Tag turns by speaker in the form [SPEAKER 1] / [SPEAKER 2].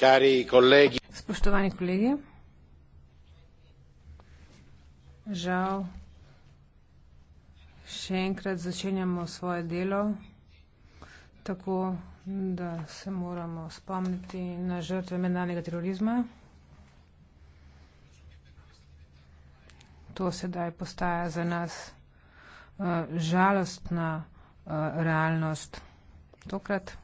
[SPEAKER 1] Spoštovani
[SPEAKER 2] kolegi, žal še enkrat začenjamo svoje delo tako, da se moramo spomniti na žrtve mednarodnega terorizma. To sedaj postaja za nas, eh, žalostna, eh,
[SPEAKER 3] realnost. Tokrat